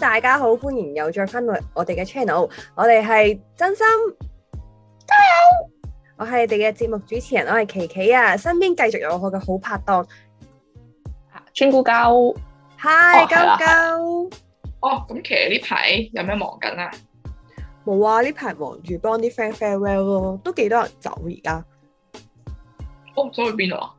大家好，歡迎又再返嚟我哋嘅 channel，我哋係真心加油，我係你哋嘅節目主持人，我係琪琪啊，身邊繼續有我嘅好拍檔，啊，川姑鳩，hi，鳩鳩、哦高，哦，咁其實呢排有咩忙緊啊？冇啊，呢排忙住幫啲 friend farewell 咯，啊，都幾多人走而家，我唔想去邊度啊？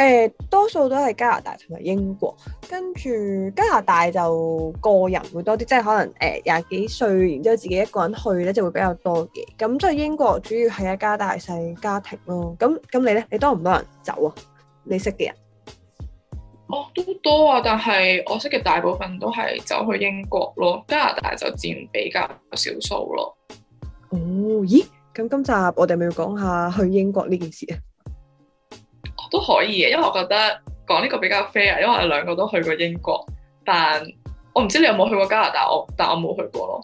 誒，多數都係加拿大同埋英國，跟住加拿大就個人會多啲，即係可能誒廿幾歲，然之後自己一個人去咧，就會比較多嘅。咁即係英國主要係一家大細家庭咯。咁咁你咧，你多唔多人走啊？你識嘅人？哦，都多啊，但係我識嘅大部分都係走去英國咯，加拿大就佔比較少數咯。哦，咦？咁今集我哋咪要講下去英國呢件事啊？都可以嘅，因為我覺得講呢個比較 fair，因為我哋兩個都去過英國，但我唔知你有冇去過加拿大，我但我冇去過咯。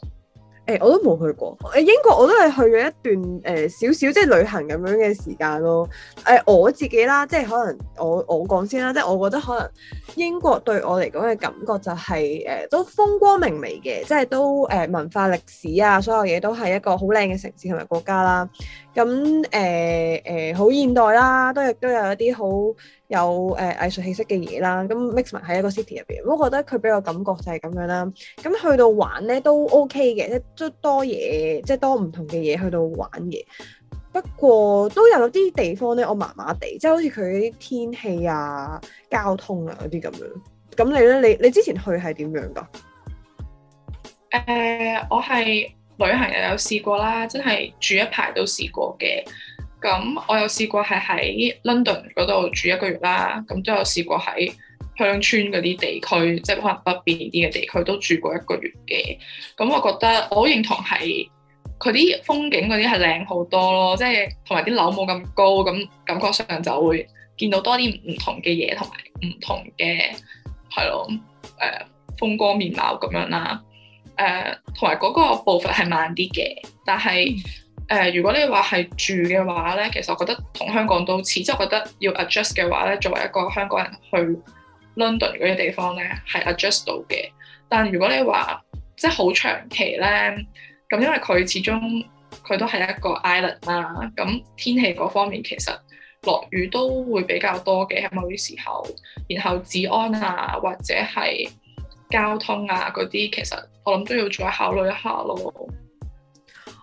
誒、欸、我都冇去過，誒英國我都係去咗一段誒少少即係旅行咁樣嘅時間咯。誒、呃、我自己啦，即係可能我我講先啦，即係我覺得可能英國對我嚟講嘅感覺就係、係、誒、呃、都風光明媚嘅，即係都誒、呃、文化歷史啊，所有嘢都係一個好靚嘅城市同埋國家啦。咁誒誒好現代啦，都亦都有一啲好，有誒、呃、藝術氣息嘅嘢啦，咁 mix m 埋喺一個 city 入邊，我覺得佢俾我感覺就係咁樣啦。咁去到玩咧都 OK 嘅，即係多嘢，即係多唔同嘅嘢去到玩嘅。不過都有啲地方咧，我麻麻地，即係好似佢啲天氣啊、交通啊嗰啲咁樣。咁你咧？你你之前去係點樣噶？誒、呃，我係旅行又有試過啦，即係住一排都試過嘅。咁我有試過係喺 London 嗰度住一個月啦，咁都有試過喺鄉村嗰啲地區，即係可能北邊啲嘅地區都住過一個月嘅。咁我覺得我好認同係佢啲風景嗰啲係靚好多咯，即係同埋啲樓冇咁高，咁感覺上就會見到多啲唔同嘅嘢同埋唔同嘅係咯，誒、呃、風光面貌咁樣啦。誒同埋嗰個步伐係慢啲嘅，但係。誒、呃，如果你話係住嘅話咧，其實我覺得同香港都似，即係我覺得要 adjust 嘅話咧，作為一個香港人去 London 嗰啲地方咧，係 adjust 到嘅。但如果你話即係好長期咧，咁因為佢始終佢都係一個 island 啦，咁天氣嗰方面其實落雨都會比較多嘅喺某啲時候，然後治安啊或者係交通啊嗰啲，其實我諗都要再考慮一下咯。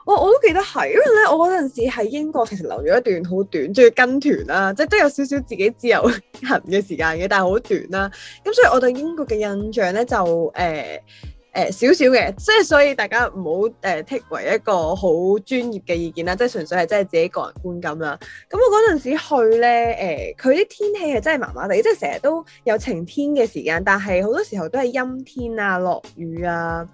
我我都記得係，因為咧我嗰陣時喺英國其實留咗一段好短，仲要跟團啦、啊，即係都有少少自己自由行嘅時間嘅，但係好短啦、啊。咁所以我對英國嘅印象咧就誒誒少少嘅，即、呃、係、呃、所以大家唔好誒剔為一個好專業嘅意見啦，即係純粹係真係自己個人觀感啦。咁我嗰陣時去咧誒，佢、呃、啲天氣係真係麻麻地，即係成日都有晴天嘅時間，但係好多時候都係陰天啊、落雨啊。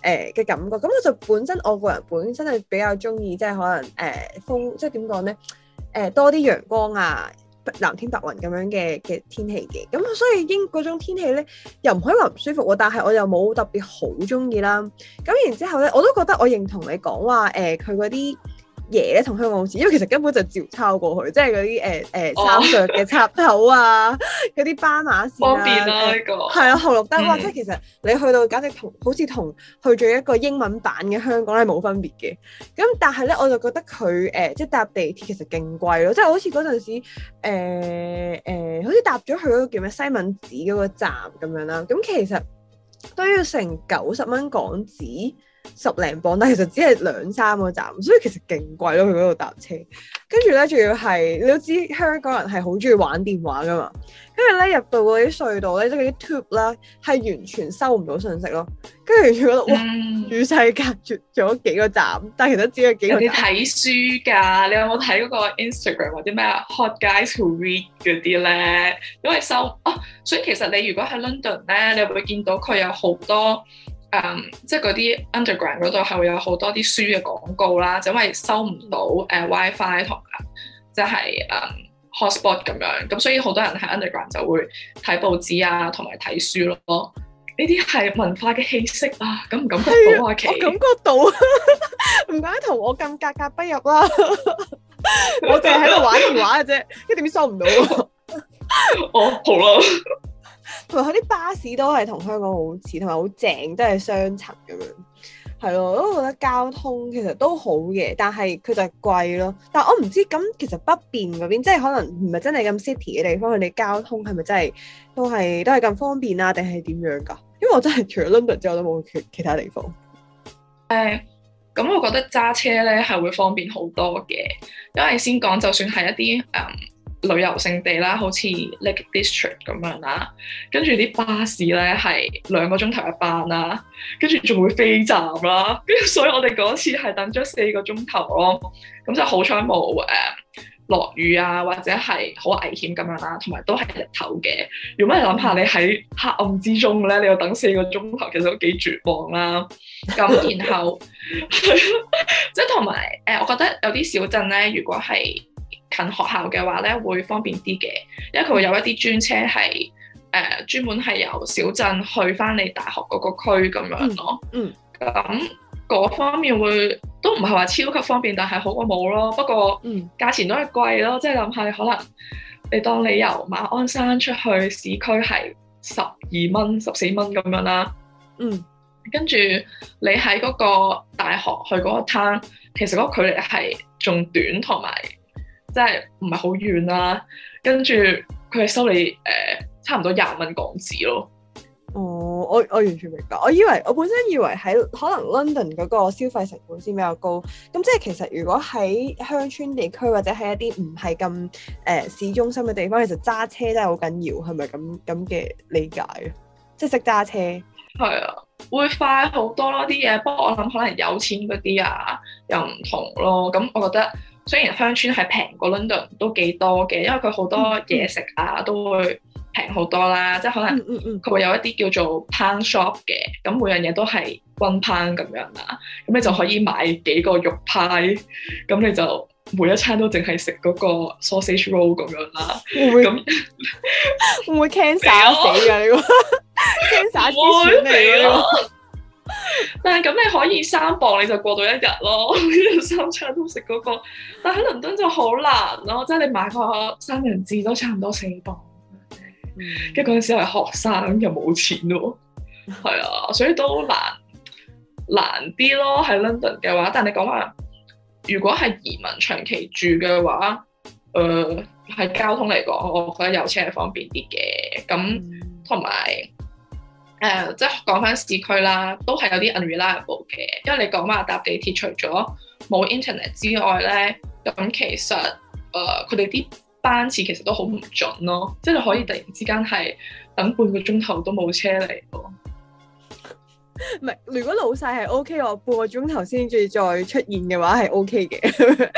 誒嘅，呃、感覺，咁我就本身我個人本身係比較中意，即係可能誒、呃、風，即係點講咧？誒、呃、多啲陽光啊，藍天白雲咁樣嘅嘅天氣嘅，咁所以英嗰種天氣咧又唔可以話唔舒服喎、啊，但係我又冇特別好中意啦。咁然之後咧，我都覺得我認同你講話誒佢嗰啲。呃嘢咧同香港好似，因為其實根本就照抄過去，即係嗰啲誒誒三腳嘅插頭啊，嗰啲斑馬線啦、啊，方便啦、啊、呢、呢個，係啦，紅綠燈哇！即係、嗯、其實你去到簡直同好似同去咗一個英文版嘅香港係冇分別嘅。咁但係咧，我就覺得佢誒即係搭地鐵其實勁貴咯，即、就、係、是、好似嗰陣時誒、呃呃、好似搭咗去嗰個叫咩西敏寺嗰個站咁樣啦。咁其實都要成九十蚊港紙。十零磅，但其實只係兩三個站，所以其實勁貴咯。佢嗰度搭車，跟住咧，仲要係你都知香港人係好中意玩電話噶嘛，跟住咧入到嗰啲隧道咧，即係啲 tube 啦，係完全收唔到信息咯。跟住覺得，嗯、哇，與世隔絕咗幾個站，但係其實只有幾個。你睇書噶，你有冇睇嗰個 Instagram 或者咩 Hot Guys Who Read 嗰啲咧？因為收啊、哦，所以其實你如果喺 London 咧，你會見到佢有好多。誒，um, 即係嗰啲 underground 嗰度係會有好多啲書嘅廣告啦，就因為收唔到誒 WiFi 同埋、就、即、是、係誒、um, hotspot 咁樣，咁、嗯、所以好多人喺 underground 就會睇報紙啊，同埋睇書咯。呢啲係文化嘅氣息啊，感唔感覺到、啊、奇？我感覺到呵呵，唔怪得同我咁格格不入啦。我就係喺度玩電話嘅啫，一點 收唔到我。哦，好啦。同埋佢啲巴士都係同香港好似，同埋好正，都係雙層咁樣，係咯，我都覺得交通其實都好嘅，但係佢就係貴咯。但係我唔知咁，其實北邊嗰邊，即係可能唔係真係咁 city 嘅地方，佢哋交通係咪真係都係都係咁方便啊？定係點樣噶？因為我真係除咗 London 之外，都冇其他地方。誒、呃，咁我覺得揸車咧係會方便好多嘅，因為先講就算係一啲誒。呃旅遊勝地啦，好似 Lake District 咁樣啦，跟住啲巴士咧係兩個鐘頭一班啦，跟住仲會飛站啦，跟住所以我哋嗰次係等咗四個鐘頭咯，咁就好彩冇誒落雨啊，或者係好危險咁樣啦，同埋都係日頭嘅。如果係諗下你喺黑暗之中咧，你要等四個鐘頭，其實都幾絕望啦。咁然後 即係同埋誒，我覺得有啲小鎮咧，如果係近學校嘅話咧，會方便啲嘅，因為佢會有一啲專車係誒、呃、專門係由小鎮去翻你大學嗰個區咁樣咯、嗯。嗯，咁嗰方面會都唔係話超級方便，但係好過冇咯。不過價錢都係貴咯，即係諗下，可能你當你由馬鞍山出去市區係十二蚊十四蚊咁樣啦。嗯，跟住你喺嗰個大學去嗰個攤，其實嗰個距離係仲短，同埋，即係唔係好遠啦，跟住佢係收你誒、呃、差唔多廿蚊港紙咯。哦，我我完全明白。我以為我本身以為喺可能 London 嗰個消費成本先比較高。咁即係其實如果喺鄉村地區或者喺一啲唔係咁誒市中心嘅地方，其實揸車真係好緊要，係咪咁咁嘅理解啊？即係識揸車係啊，會快好多咯啲嘢。不過我諗可能有錢嗰啲啊又唔同咯。咁我覺得。雖然鄉村係平過 London，都幾多嘅。因為佢好多嘢食啊都會平好多啦，即係可能佢會有一啲叫做 pan shop 嘅，咁每樣嘢都係 one pan 咁樣啦，咁你就可以買幾個肉派，咁你就每一餐都淨係食嗰個 sausage roll 咁樣啦，會唔會 會唔會 cancer 死㗎呢？cancer 但係咁你可以三磅你就過到一日咯，三餐都食嗰、那個。但喺倫敦就好難咯，即係你買個三明治都差唔多四磅。跟住嗰陣時係學生又冇錢咯，係啊，所以都難難啲咯。喺 London 嘅話，但係你講話如果係移民長期住嘅話，誒、呃，喺交通嚟講，我覺得有車係方便啲嘅。咁同埋。誒、uh, 即係講翻市區啦，都係有啲 unreliable 嘅，因為你講話搭地鐵，除咗冇 internet 之外咧，咁其實誒佢哋啲班次其實都好唔準咯，即係你可以突然之間係等半個鐘頭都冇車嚟咯。唔係，如果老細係 O K 我半個鐘頭先至再出現嘅話係 O K 嘅，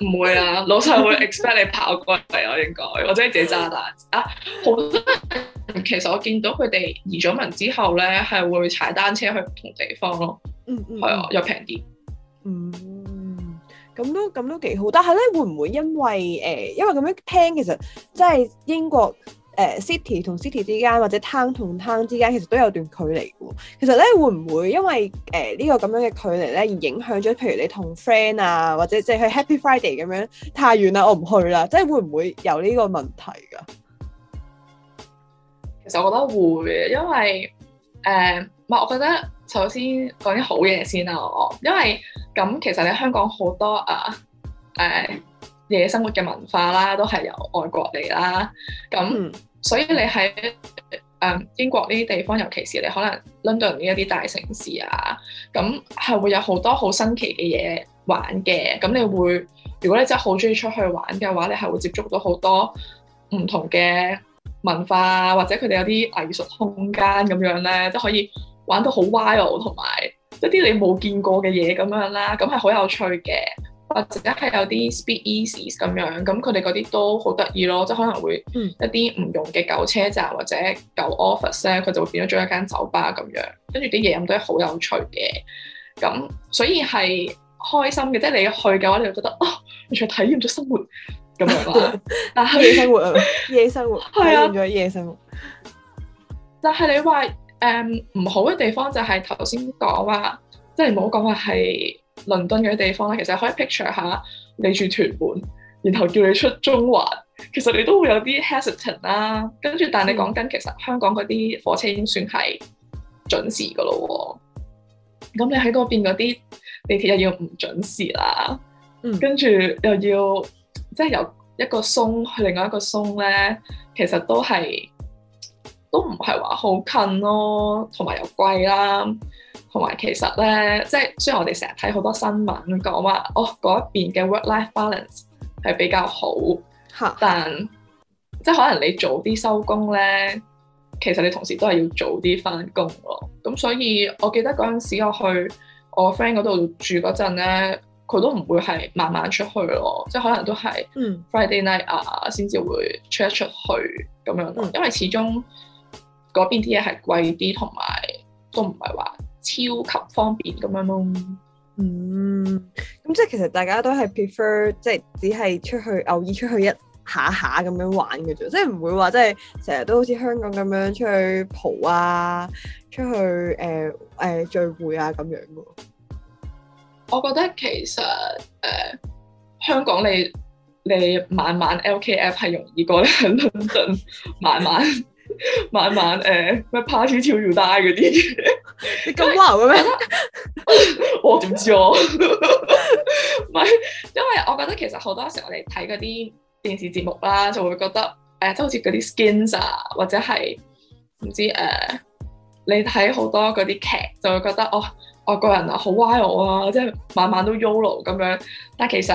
唔 會啊，老細會 expect 你跑過嚟咯，啊，應該，真係自己揸單車啊。好，啊，其實我見到佢哋移咗民之後咧，係會踩單車去唔同地方咯，嗯嗯，係啊，又平啲，嗯，咁、啊嗯嗯，都咁都幾好，但係咧會唔會因為誒、呃，因為咁樣聽，其實即係英國。誒 city 同 city 之間或者 town 同 town 之間其實都有段距離嘅，其實咧會唔會因為誒呢、呃這個咁樣嘅距離咧而影響咗？譬如你同 friend 啊，或者即係去 Happy Friday 咁樣太遠啦，我唔去啦，即係會唔會有呢個問題噶？其實我覺得會，因為誒，唔係、呃、我覺得首先講啲好嘢先、啊、我因為咁其實你香港好多啊，係、呃。夜生活嘅文化啦，都係由外國嚟啦。咁、嗯、所以你喺誒、嗯、英國呢啲地方，尤其是你可能 London 呢一啲大城市啊，咁係會有好多好新奇嘅嘢玩嘅。咁你會，如果你真係好鍾意出去玩嘅話，你係會接觸到好多唔同嘅文化，或者佢哋有啲藝術空間咁樣咧，即係可以玩到好 wild，同埋一啲你冇見過嘅嘢咁樣啦。咁係好有趣嘅。啊，而家係有啲 speakeasies 咁樣，咁佢哋嗰啲都好得意咯，即係可能會一啲唔用嘅舊車站或者舊 office 咧，佢就會變咗做一間酒吧咁樣，跟住啲嘢飲都係好有趣嘅，咁所以係開心嘅，即係你去嘅話，你就覺得哦，完全體驗咗生活咁樣啦，嗱，黑夜生活啊，夜生活係啊，夜生活。生活啊、但係你話誒唔好嘅地方就係頭先講話，即唔好講話係。倫敦嘅地方咧，其實可以 picture 下你住屯門，然後叫你出中環，其實你都會有啲 hesitant 啦，啊。跟住，但你講緊其實香港嗰啲火車已經算係準時噶咯。咁你喺嗰邊嗰啲地鐵又要唔準時啦。嗯，跟住又要即係由一個松去另外一個松咧，其實都係都唔係話好近咯，同埋又貴啦。同埋其實咧，即係雖然我哋成日睇好多新聞講話，哦嗰一邊嘅 work-life balance 係比較好，嚇的，但即係可能你早啲收工咧，其實你同時都係要早啲翻工咯。咁所以我記得嗰陣時我去我 friend 嗰度住嗰陣咧，佢都唔會係慢慢出去咯，即係可能都係 Friday night 啊先至會出一出去咁樣，嗯、因為始終嗰邊啲嘢係貴啲，同埋都唔係話，超級方便咁樣咯，嗯，咁即係其實大家都係 prefer 即係只係出去偶爾出去一下下咁樣玩嘅啫，即係唔會話即係成日都好似香港咁樣出去蒲啊，出去誒誒、呃呃、聚會啊咁樣嘅。我覺得其實誒、呃、香港你你晚晚 LKF 係容易過倫敦晚晚。晚晚誒，咩 party 跳住 die 嗰啲？你咁流嘅咩？我點知我？唔係，因為我覺得其實好多時候我哋睇嗰啲電視節目啦，就會覺得誒，即、uh, 係好似嗰啲 skins 啊，或者係唔知誒，uh, 你睇好多嗰啲劇就會覺得哦，外國人啊好 wild 啊，即係晚晚都 yolo 咁樣。但其實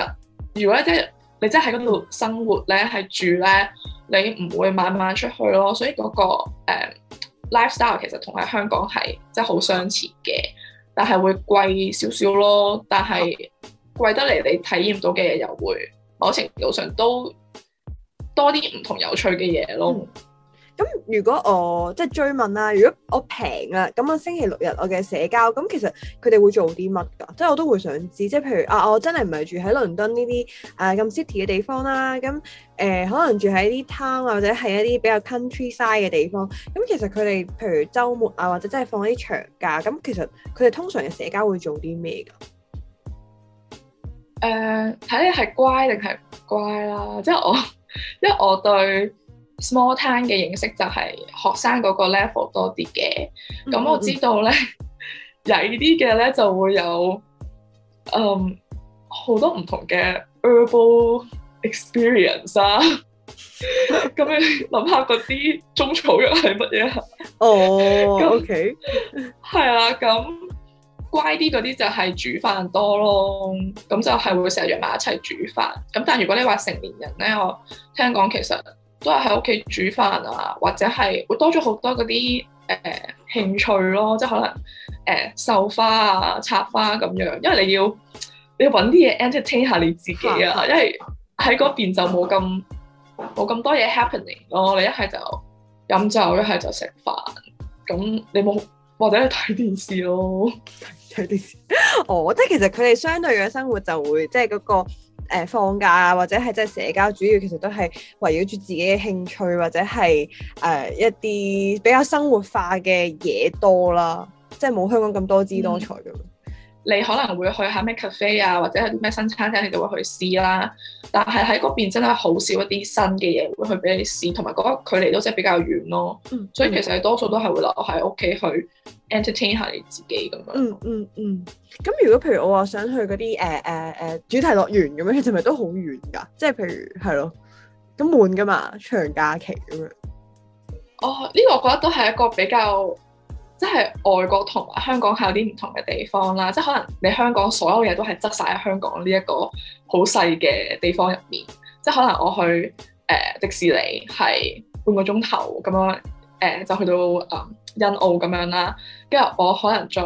如果即係。就是你真係喺度生活咧，係住咧，你唔會慢慢出去咯。所以嗰個、嗯、lifestyle，其實同喺香港係即係好相似嘅，但係會貴少少咯。但係貴得嚟，你體驗到嘅嘢又會某程度上都多啲唔同有趣嘅嘢咯。嗯咁如果我即係追問啦，如果我平啊，咁我星期六日我嘅社交，咁其實佢哋會做啲乜噶？即係我都會想知，即係譬如啊，我真係唔係住喺倫敦呢啲啊咁 city 嘅地方啦，咁、啊、誒、呃、可能住喺啲 town 或者係一啲比較 countryside 嘅地方，咁、嗯、其實佢哋譬如周末啊或者真係放啲長假，咁其實佢哋通常嘅社交會做啲咩噶？誒，睇你係乖定係唔乖啦，即、就、係、是、我，因為我對。Small t 攤嘅形式就係學生嗰個 level 多啲嘅，咁、mm hmm. 嗯、我知道咧曳啲嘅咧就會有嗯好多唔同嘅 herbal experience 啦、啊。咁 你諗下嗰啲中草藥係乜嘢？哦、oh，OK，係、 嗯、啊，咁乖啲嗰啲就係煮飯多咯，咁就係會成日約埋一齊煮飯。咁但係如果你話成年人咧，我聽講其實。都係喺屋企煮飯啊，或者係會多咗好多嗰啲誒興趣咯，即係可能誒繡、呃、花啊、插花咁、啊、樣，因為你要你揾啲嘢 entertain 下你自己啊，嗯、因為喺嗰邊就冇咁冇咁多嘢 happening 咯，你一係就飲酒，一係就食飯，咁你冇或者去睇電視咯，睇電視， 哦，即係其實佢哋相對嘅生活就會即係嗰個。誒、呃、放假啊，或者係真係社交，主要其實都係圍繞住自己嘅興趣，或者係誒、呃、一啲比較生活化嘅嘢多啦，即係冇香港咁多姿多彩咁樣。嗯你可能會去下咩 cafe 啊，或者係咩新餐廳，你就會去試啦、啊。但係喺嗰邊真係好少一啲新嘅嘢會去俾你試，同埋嗰個距離都即係比較遠咯。嗯。所以其實你多數都係會留喺屋企去 entertain 下你自己咁樣。嗯嗯嗯。咁、嗯嗯、如果譬如我話想去嗰啲誒誒誒主題樂園咁樣，其實咪都好遠㗎？即係譬如係咯，咁悶㗎嘛，長假期咁樣。哦，呢、呢個我覺得都係一個比較即係。外國同香港係有啲唔同嘅地方啦，即係可能你香港所有嘢都係側晒喺香港呢一個好細嘅地方入面，即係可能我去誒迪、呃、士尼係半個鐘頭咁樣，誒、呃、就去到誒、嗯、欣澳咁樣啦，跟住我可能再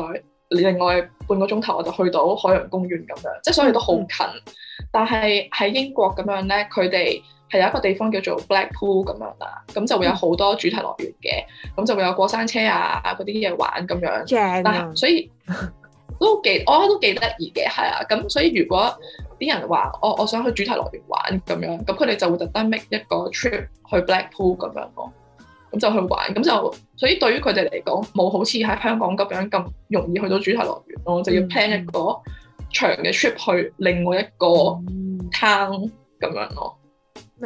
另外半個鐘頭我就去到海洋公園咁樣，即係所以都好近。嗯、但係喺英國咁樣咧，佢哋，係有一個地方叫做 Blackpool 咁樣啦，咁就會有好多主題樂園嘅，咁就會有過山車啊嗰啲嘢玩咁樣， 但係所以都幾我覺得都幾得意嘅，係啊，咁所以如果啲人話我、哦、我想去主題樂園玩咁樣，咁佢哋就會特登 make 一個 trip 去 Blackpool 咁樣咯，咁就去玩，咁就所以對於佢哋嚟講，冇好似喺香港咁樣咁容易去到主題樂園咯，嗯、就要 plan 一個長嘅 trip 去另外一個 town 咁樣咯。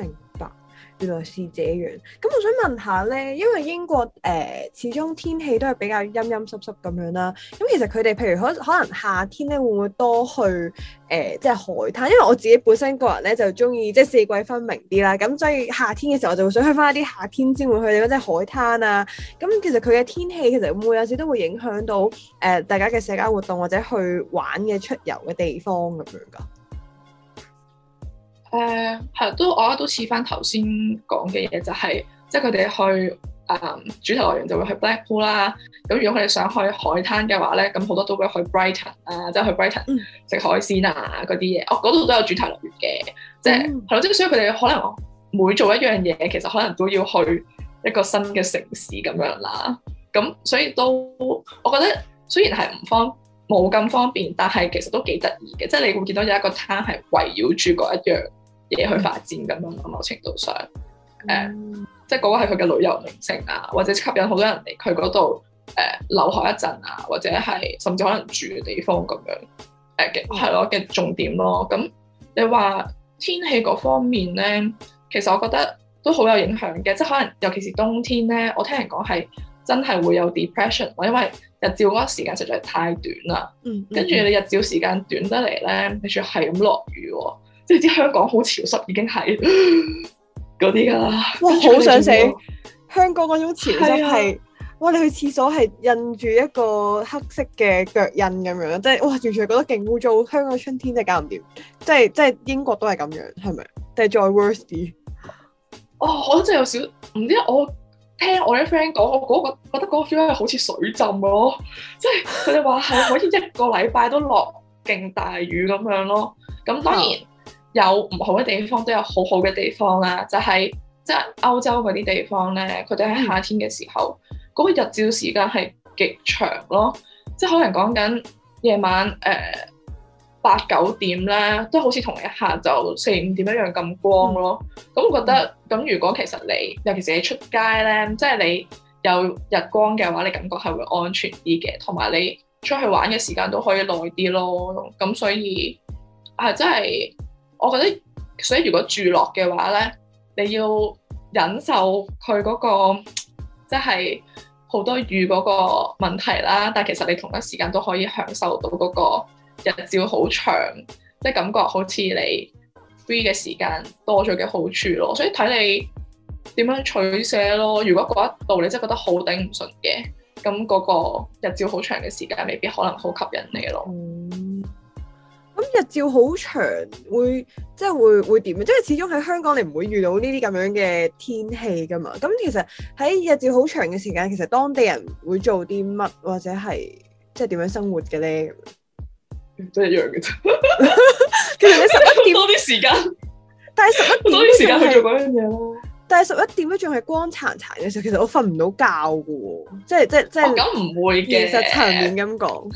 明白，原來是這樣。咁我想問下咧，因為英國誒、呃、始終天氣都係比較陰陰濕濕咁樣啦。咁其實佢哋譬如可可能夏天咧會唔會多去誒、呃、即係海灘？因為我自己本身個人咧就中意即係四季分明啲啦。咁所以夏天嘅時候我就會想去返一啲夏天先會去嗰啲海灘啊。咁其實佢嘅天氣其實會唔會有時都會影響到誒、呃、大家嘅社交活動或者去玩嘅出遊嘅地方咁樣噶？誒係都，我覺得都似翻頭先講嘅嘢，就係、是、即係佢哋去誒、嗯、主題樂園就會去 Blackpool 啦。咁如果佢哋想去海灘嘅話咧，咁好多都會去 Brighton 啊，即係去 Brighton 食海鮮啊嗰啲嘢。我嗰度都有主題樂園嘅，即係係咯，即係、嗯、所以佢哋可能每做一樣嘢，其實可能都要去一個新嘅城市咁樣啦。咁所以都我覺得雖然係唔方冇咁方便，但係其實都幾得意嘅。即、就、係、是、你會見到有一個灘係圍繞住嗰一樣。嘢、嗯、去發展咁樣，某程度上，誒、uh，即係嗰個係佢嘅旅遊名城啊，或者吸引好多人嚟佢嗰度誒留學一陣啊，或者係甚至可能住嘅地方咁樣誒嘅係咯嘅重點咯。咁你話天氣嗰方面咧，其實我覺得都好有影響嘅，即係可能尤其是冬天咧，我聽人講係真係會有 depression，因為日照嗰個時間實在太短啦。嗯，嗯，嗯。跟住你日照時間短得嚟咧，你仲係咁落雨喎，啊。即係知香港好潮濕已經係嗰啲㗎啦，哇！好想死。香港嗰種潮濕係，的哇！你去廁所係印住一個黑色嘅腳印咁樣，即係哇！完全覺得勁污糟。香港春天真係搞唔掂，即係即係英國都係咁樣，係咪？即係再 worse 啲？哦，我真係有少唔知。我聽我啲 friend 講，我嗰個覺得嗰個 feel 係好似水浸咯， 即係佢哋話係好似一個禮拜都落勁大雨咁樣咯。咁當然。嗯有唔好嘅地方都有好好嘅地方啦，就係即係歐洲嗰啲地方咧，佢哋喺夏天嘅時候嗰、嗯、個日照時間係極長咯，即係可能講緊夜晚誒八九點咧，都好似同日下晝四五點一樣咁光咯。咁、嗯、我覺得咁，如果其實你尤其係你出街咧，即、就、係、是、你有日光嘅話，你感覺係會安全啲嘅，同埋你出去玩嘅時間都可以耐啲咯。咁所以啊，真係。我覺得，所以如果住落嘅話咧，你要忍受佢嗰個即係好多雨嗰個問題啦。但係其實你同一時間都可以享受到嗰個日照好長，即係感覺好似你 free 嘅時間多咗嘅好處咯。所以睇你點樣取捨咯。如果嗰一度你真係覺得好頂唔順嘅，咁嗰個日照好長嘅時間未必可能好吸引你咯。嗯。咁日照好長，會即係會會點樣？即係始終喺香港，你唔會遇到呢啲咁樣嘅天氣噶嘛？咁其實喺日照好長嘅時間，其實當地人會做啲乜或者係即係點樣生活嘅咧？都一樣嘅 其實你十一點多啲時間，但係十一點多啲時間去做嗰樣嘢咯。 但係十一點都仲係光殘殘嘅時候，其實我瞓唔到覺噶，即係即係即係。咁唔會嘅，其實層面咁講。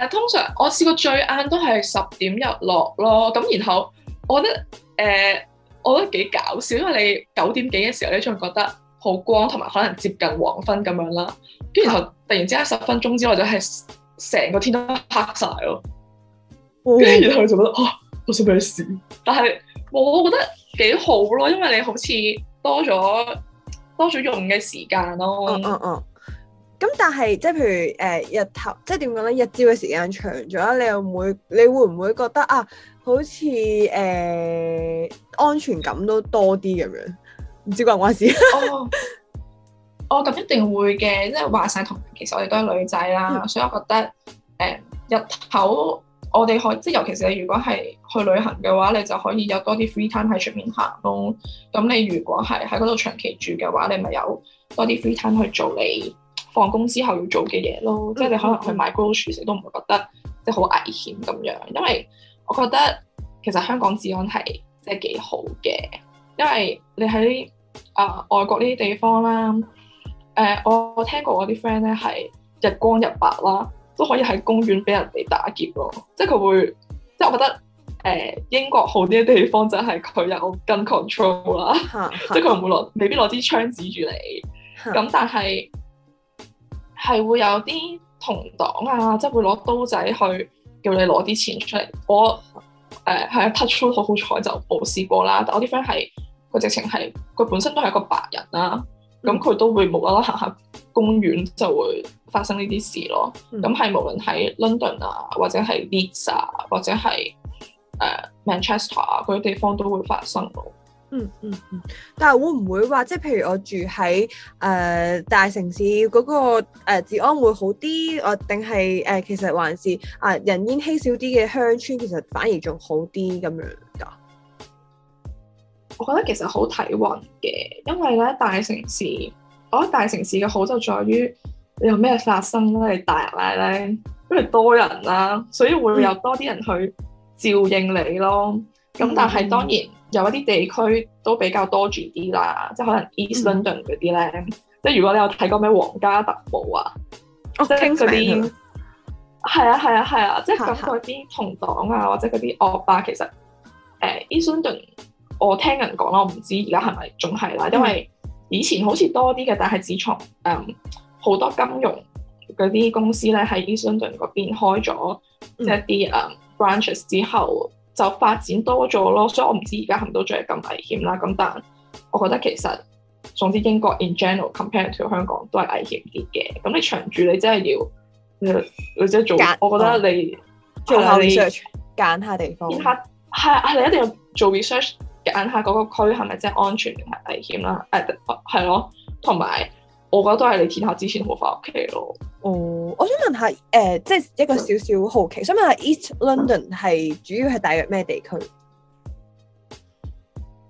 誒通常我試過最晏都係十點日落咯，咁然後我覺得誒、呃、我覺得幾搞笑，因為你九點幾嘅時候你仲覺得好光同埋可能接近黃昏咁樣啦，跟然後突然之間十分鐘之內就係成個天都黑晒咯，跟住、嗯、然後就覺得、啊、我發生咩事？但係我覺得幾好咯，因為你好似多咗多咗用嘅時間咯。嗯嗯、啊。啊啊咁但係即係譬如誒、呃、日頭，即係點講咧？日朝嘅時間長咗，你又唔會你會唔會覺得啊？好似誒、呃、安全感都多啲咁樣，唔知關唔關事？哦，哦咁一定會嘅，即係話晒同其實我哋都係女仔啦，嗯、所以我覺得誒、呃、日頭我哋可即係尤其是你如果係去旅行嘅話，你就可以有多啲 free time 喺出面行咯。咁你如果係喺度長期住嘅話，你咪有多啲 free time 去做你。放工之後要做嘅嘢咯，嗯嗯嗯即係你可能去買 groceries 都唔會覺得即係好危險咁樣，因為我覺得其實香港治安係即係幾好嘅，因為你喺啊、呃、外國呢啲地方啦，誒、呃、我聽過我啲 friend 咧係日光日白啦，都可以喺公園俾人哋打劫咯，即係佢會即係我覺得誒、呃、英國好啲嘅地方就係佢有 gun control 啦、啊，啊、 即係佢唔會攞未必攞支槍指住你，咁、啊啊、但係。係會有啲同黨啊，即係會攞刀仔去叫你攞啲錢出嚟。我誒係、呃、啊，touch wood 好好彩就冇試過啦。但我啲 friend 係佢直情係佢本身都係一個白人啦、啊，咁佢、嗯、都會無啦啦行下公園就會發生呢啲事咯。咁係、嗯、無論喺 London 啊，或者係 Leeds 啊，或者係誒、呃、Manchester 啊嗰啲地方都會發生嘅。嗯嗯嗯，但係會唔會話即係譬如我住喺誒、呃、大城市嗰，那個誒、呃、治安會好啲，我定係誒其實還是啊、呃、人煙稀少啲嘅鄉村，其實反而仲好啲咁樣噶？我覺得其實好睇運嘅，因為咧大城市，我覺得大城市嘅好就在於有咩發生咧，你大日啦，咧因為多人啦、啊，所以會有多啲人去照應你咯。咁、嗯、但係當然。嗯有一啲地區都比較多住啲啦，即係可能 East London 嗰啲咧，嗯、即係如果你有睇過咩《皇家特務》啊，oh, 即係嗰啲，係啊係啊係啊，啊啊啊即係咁嗰啲同黨啊，或者嗰啲惡霸其實，誒、呃、East London 我聽人講我唔知而家係咪仲係啦，嗯、因為以前好似多啲嘅，但係自從誒好、嗯、多金融嗰啲公司咧喺 East London 嗰邊開咗一啲誒、嗯嗯、branches 之後。就發展多咗咯，所以我唔知而家行到仲係咁危險啦。咁但我覺得其實總之英國 in general compare to 香港都係危險啲嘅。咁你長住你真係要，你真係做，選我覺得你，之後選你揀下地方，揀下係啊，你一定要做 research 揀下嗰個區係咪真係安全定係危險啦？誒、啊，係咯，同埋。我覺得都係你天黑之前好返屋企咯。哦，我想問下，誒、呃，即係一個少少好奇，想問下 East London 係主要係大約咩地區？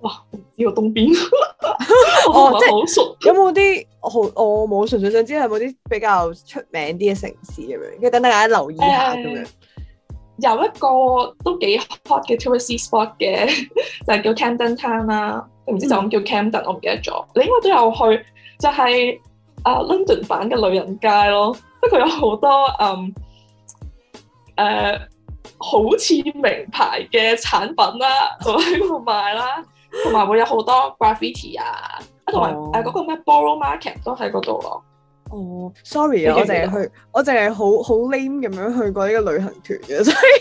哇，要東邊。 覺得 哦，即係好熟？有冇啲？我冇，我純粹想知有冇啲比較出名啲嘅城市咁樣，跟住等等大家留意下咁、呃、樣。有一個都幾 hot 嘅 tourist spot 嘅， 就係叫 Camden Town 啦、嗯，唔知就咁叫 Camden，我唔記得咗。你應該都有去，就係、是。啊、uh, London 版嘅女人街咯，即佢有好多、um, uh, 好多嗯誒好似名牌嘅產品啦、啊，仲喺嗰度賣啦，同埋 會有好多 graffiti 啊，哦、啊同埋誒嗰個咩 Borough Market 都喺嗰度咯。哦，sorry 啊、嗯，我淨係去、嗯、去，我淨係好好 lame 咁樣去過呢個旅行團嘅，所以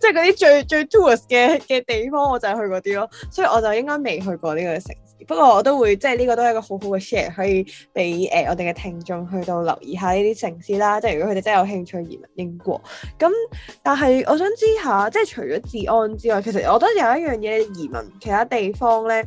即係嗰啲最最 tourist 嘅嘅地方，我就係去嗰啲咯，所以我就應該未去過呢個城市。不過我都會即係呢個都係一個好好嘅 share，可以俾誒我哋嘅聽眾去到留意下呢啲城市啦。即係如果佢哋真係有興趣移民英國，咁但係我想知下，即係除咗治安之外，其實我覺得有一樣嘢移民其他地方咧，誒、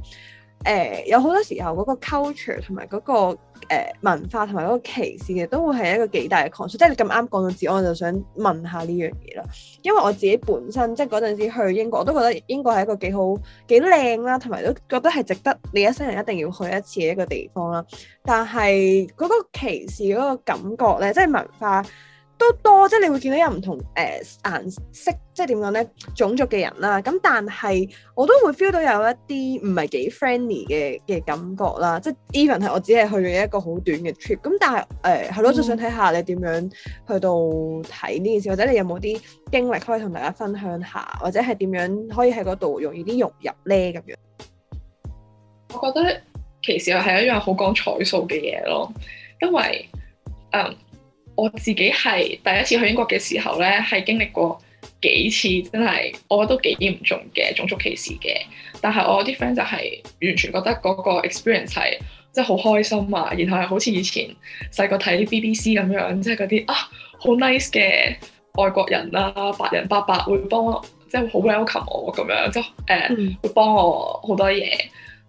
呃、有好多時候嗰個 culture 同埋嗰個。誒文化同埋嗰個歧視嘅，都會係一個幾大嘅 concern。即係你咁啱講到治安，我就想問下呢樣嘢啦。因為我自己本身即係嗰陣時去英國，我都覺得英國係一個幾好、幾靚啦，同埋都覺得係值得你一生人一定要去一次嘅一個地方啦。但係嗰個歧視嗰個感覺咧，即係文化。都多，即係你會見到有唔同誒顏、呃、色，即係點樣咧，種族嘅人啦。咁但係我都會 feel 到有一啲唔係幾 friendly 嘅嘅感覺啦。即係 even 係我只係去咗一個好短嘅 trip。咁但係誒係咯，就、呃嗯、想睇下你點樣去到睇呢件事，或者你有冇啲經歷可以同大家分享下，或者係點樣可以喺嗰度容易啲融入咧咁樣。我覺得其實係一樣好講彩數嘅嘢咯，因為誒。嗯我自己係第一次去英國嘅時候咧，係經歷過幾次真係我覺得都幾嚴重嘅種族歧視嘅。但係我啲 friend 就係完全覺得嗰個 experience 係真係好開心啊，然後係好似以前細個睇 BBC 咁樣，即係嗰啲啊好 nice 嘅外國人啦、啊，白人伯伯會幫我即係、就、好、是、welcome 我咁樣，即係誒會幫我好多嘢。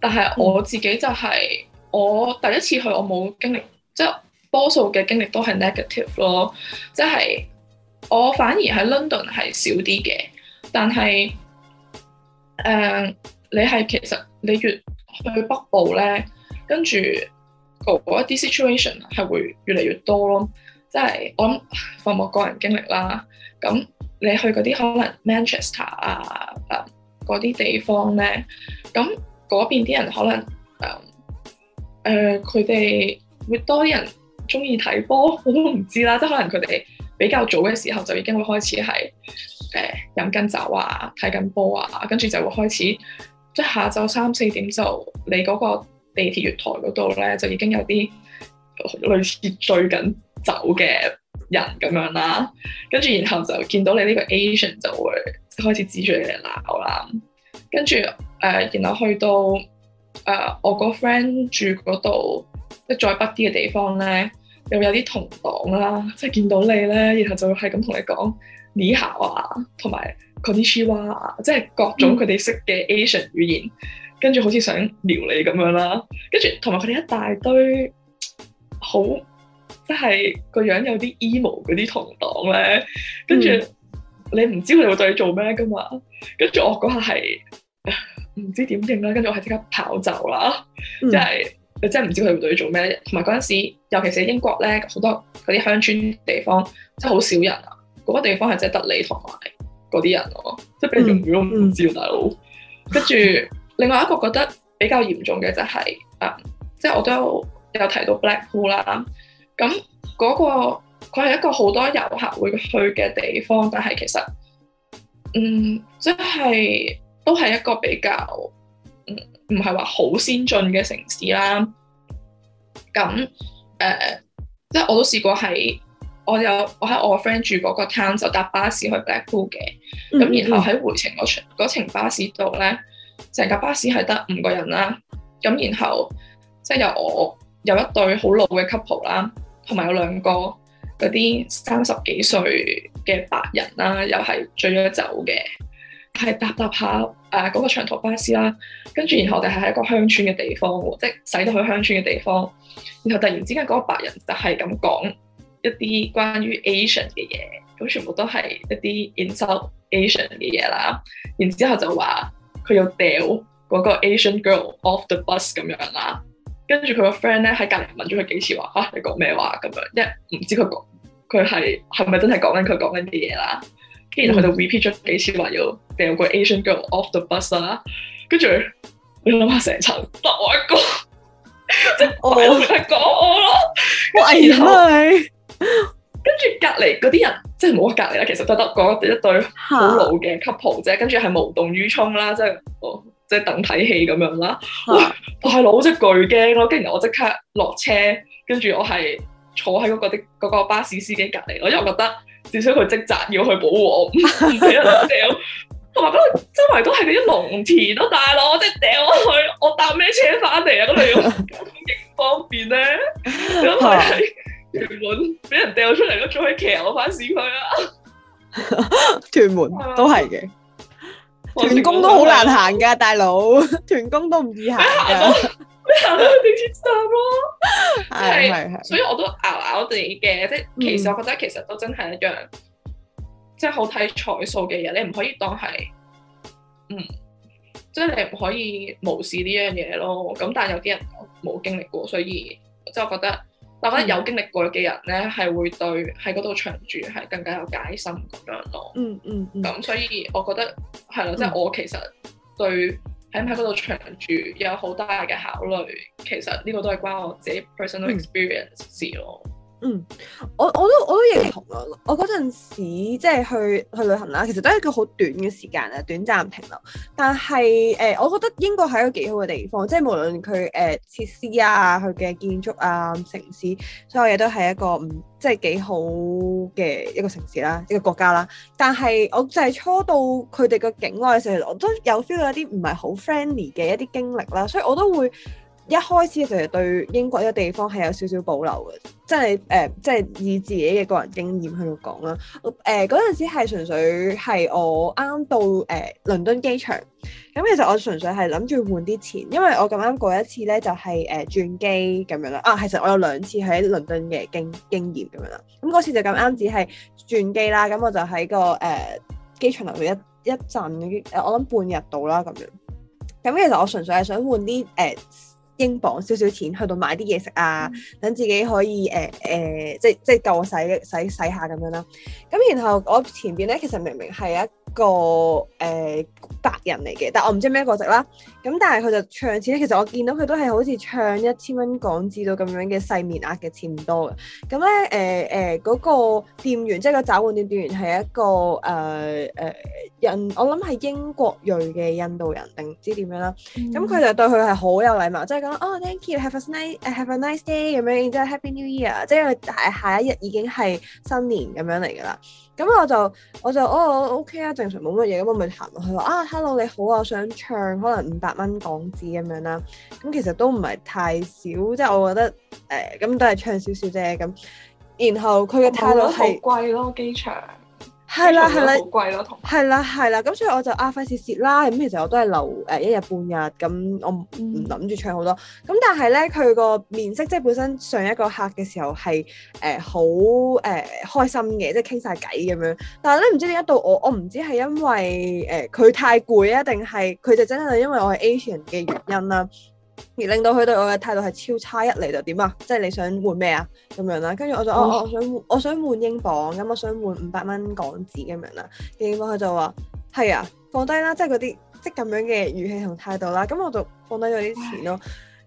但係我自己就係、是、我第一次去，我冇經歷即係。就是多數嘅經歷都係 negative 咯，即係我反而喺 London 係少啲嘅，但係誒、呃、你係其實你越去北部咧，跟住嗰一啲 situation 係會越嚟越多咯。即係我諗放我個人經歷啦，咁、嗯、你去嗰啲可能 Manchester 啊、誒嗰啲地方咧，咁嗰邊啲人可能誒誒佢哋越多啲人。中意睇波，我都唔知啦，即係可能佢哋比較早嘅時候就已經會開始係誒飲緊酒啊、睇緊波啊，跟住就會開始即係下晝三四點就你嗰個地鐵月台嗰度咧，就已經有啲類似醉緊酒嘅人咁樣啦。跟住然後就見到你呢個 Asian 就會開始指住你嚟鬧啦。跟住誒，然後去到誒、呃、我個 friend 住嗰度。即再北啲嘅地方咧，又有啲同黨啦，即係見到你咧，然後就係咁同你講你好啊，同埋 Konnichiwa、啊、即係各種佢哋識嘅 Asian 語言，嗯、跟住好似想撩你咁樣啦，跟住同埋佢哋一大堆好，即係個樣有啲 emo 嗰啲同黨咧，跟住、嗯、你唔知佢哋會對你做咩噶嘛，跟住我嗰下係唔知點應啦，跟住我係即刻跑走啦，即係、嗯。就是佢真係唔知佢哋到底做咩，同埋嗰陣時，尤其是英國咧，好多嗰啲鄉村地方真係好少人啊，嗰、那個地方係真係得你同埋嗰啲人咯，即係俾你用咗唔知，大佬。跟住 另外一個覺得比較嚴重嘅就係、是，誒、嗯，即係我都有，有提到 Blackpool 啦，咁嗰、那個佢係一個好多遊客會去嘅地方，但係其實，嗯，即係都係一個比較。唔係話好先進嘅城市啦，咁誒、呃，即係我都試過喺我有我喺我個 friend 住嗰個 town 就搭巴士去 Blackpool 嘅，咁、嗯嗯、然後喺回程嗰程嗰程巴士度咧，成架巴士係得五個人啦，咁然後即係有我有一對好老嘅 couple 啦，同埋有兩個嗰啲三十幾歲嘅白人啦，又係醉咗走嘅。係搭搭下誒嗰、呃嗰個長途巴士啦，跟住然後我哋係喺一個鄉村嘅地方即係使到去鄉村嘅地方。然後突然之間嗰個白人就係咁講一啲關於 Asian 嘅嘢，咁全部都係一啲 insult Asian 嘅嘢啦。然之後就話佢有掉嗰個 Asian girl off the bus 咁樣啦。跟住佢個 friend 咧喺隔離問咗佢幾次話啊，你講咩話咁樣？因為唔知佢講佢係係咪真係講緊佢講緊啲嘢啦？跟住佢就 repeat 咗幾次話要掉個 Asian girl off the bus 啦。跟住、哦、 你諗下成層得我一個，即係講我咯，我然後跟住隔離嗰啲人即係冇隔離啦，其實都得個一對好老嘅 couple 啫，跟住係無動於衷啦，即係、哦、即係等睇戲咁樣啦。哈哇，大佬，即係巨驚咯！跟住我即刻落車，跟住我係坐喺嗰個的嗰個巴士司機隔離，我因為我覺得。至少佢職責要去保護我，唔俾人掉，同埋俾佢周圍都係啲農田咯、啊，大佬，即係掉我去，我搭咩車翻嚟啊？咁樣交通幾方便咧？如果佢係屯門，俾人掉出嚟，都仲可以騎我翻市區啊！屯門都係嘅，屯工都好難行噶，大佬，屯工都唔易行。 你行到點算散咯？係係係， 所以我都咬咬地嘅，即係、嗯、其實我覺得其實都真係一樣，即係好睇彩數嘅嘢，你唔可以當係，嗯，即、就、係、是、你唔可以無視呢樣嘢咯。咁但係有啲人冇經歷過，所以即係、就是、我覺得，但我覺得有經歷過嘅人咧，係會對喺嗰度長住係更加有戒心咁樣咯、嗯。嗯嗯，咁所以我覺得係咯，即係、就是、我其實對。喺喺嗰度長住有好大嘅考慮，其實呢個都係關我自己 personal experience 事咯。嗯，我我都我都認同咯。我嗰陣時即係去去旅行啦，其實都係一個好短嘅時間啊，短暫停留。但係誒、呃，我覺得英國係一個幾好嘅地方，即係無論佢誒、呃、設施啊、佢嘅建築啊、城市所有嘢都係一個唔。即係幾好嘅一個城市啦，一個國家啦，但係我就係初到佢哋個境外嘅時候，我都有 feel 到一啲唔係好 friendly 嘅一啲經歷啦，所以我都會。一開始其實對英國呢個地方係有少少保留嘅，即係誒，即、呃、係以自己嘅個人經驗喺度講啦。誒嗰陣時係純粹係我啱到誒、呃、倫敦機場，咁其實我純粹係諗住換啲錢，因為我咁啱過一次咧就係、是、誒、呃、轉機咁樣啦。啊，其實我有兩次喺倫敦嘅經經驗咁樣啦。咁嗰次就咁啱只係轉機啦，咁我就喺個誒、呃、機場度一一陣我諗半日到啦咁樣。咁其實我純粹係想換啲誒、呃英鎊少少錢去到買啲嘢食啊，等、嗯、自己可以誒誒、呃呃，即係即係夠我洗使使下咁樣啦、啊。咁然後我前邊咧，其實明明係一。個誒、呃、白人嚟嘅，但我唔知咩國籍啦。咁但係佢就唱錢咧，其實我見到佢都係好似唱一千蚊港紙到咁樣嘅細面額嘅錢多嘅。咁咧誒誒嗰個店員，即係個找換店店員，係一個誒誒、呃呃、人，我諗係英國裔嘅印度人定唔知點樣啦。咁佢、嗯、就對佢係好有禮貌，即係講哦，thank you，have a nice，have a nice day 咁樣，然之後 happy new year，即係佢下一日已經係新年咁樣嚟㗎啦。咁我就我就哦我 O K 啊，正常冇乜嘢。咁我咪行落去咯，啊 Hello，你好啊，我想唱可能五百蚊港紙咁樣啦，咁其實都唔係太少，即係我覺得誒咁、呃、都係唱少少啫咁，然後佢嘅態度係貴咯機場。係啦係啦，係啦係啦，咁所以我就啊費事蝕啦，咁其實我都係留誒、呃、一日半日，咁我唔諗住唱好多。咁但係咧，佢個面色即係本身上一個客嘅時候係誒好誒開心嘅，即係傾晒偈咁樣。但係咧，唔知點解到我我唔知係因為誒佢、呃、太攰啊，定係佢就真係因為我係 Asian 嘅原因啦。而令到佢對我嘅態度係超差，一嚟就點啊？即係你想換咩啊？咁樣啦，跟住我就哦、oh. 啊，我想換，我想換英鎊，咁我想換五百蚊港紙咁樣啦。英鎊佢就話係啊，放低啦，即係嗰啲即咁樣嘅語氣同態度啦。咁我就放低咗啲錢咯。